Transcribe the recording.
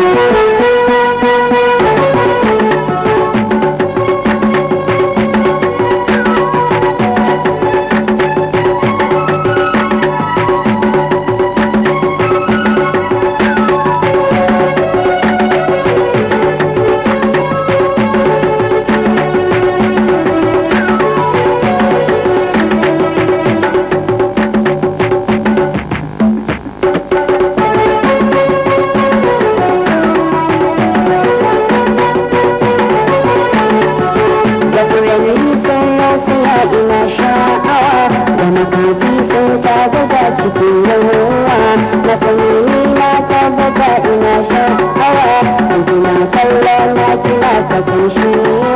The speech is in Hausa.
Thank you. ciki na ruwa na sanyi na tabbata ina shan hawa yanzu na na kira shi